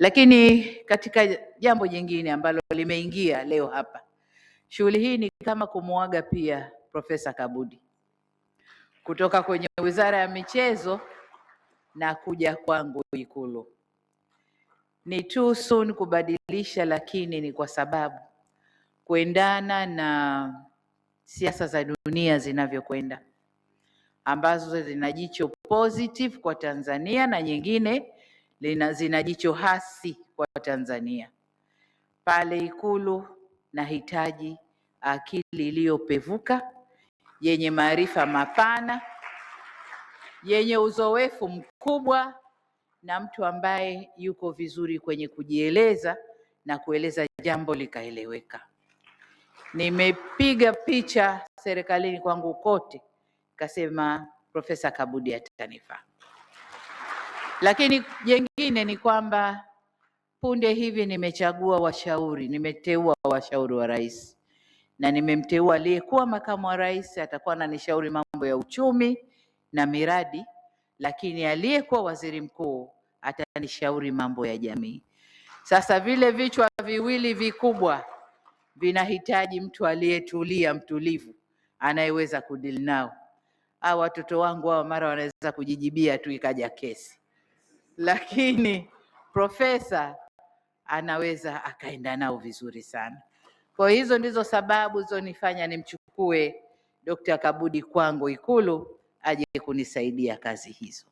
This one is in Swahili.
Lakini katika jambo jingine ambalo limeingia leo hapa, shughuli hii ni kama kumuaga pia Profesa Kabudi kutoka kwenye Wizara ya Michezo na kuja kwangu Ikulu. Ni too soon kubadilisha, lakini ni kwa sababu kuendana na siasa za dunia zinavyokwenda ambazo zina jicho positive kwa Tanzania na nyingine lina zina jicho hasi kwa Tanzania. Pale Ikulu nahitaji akili iliyopevuka yenye maarifa mapana yenye uzoefu mkubwa na mtu ambaye yuko vizuri kwenye kujieleza na kueleza jambo likaeleweka. Nimepiga picha serikalini kwangu kote, kasema Profesa Kabudi atanifaa. Lakini jengine ni kwamba punde hivi nimechagua washauri, nimeteua washauri wa rais na nimemteua aliyekuwa makamu wa rais, atakuwa ananishauri mambo ya uchumi na miradi, lakini aliyekuwa waziri mkuu atanishauri mambo ya jamii. Sasa vile vichwa viwili vikubwa vinahitaji mtu aliyetulia, mtulivu, anayeweza kudili nao. Au watoto wangu hao mara wanaweza kujijibia tu ikaja kesi lakini profesa anaweza akaenda nao vizuri sana. Kwa hizo ndizo sababu zilizonifanya nimchukue Dokta Kabudi kwangu Ikulu aje kunisaidia kazi hizo.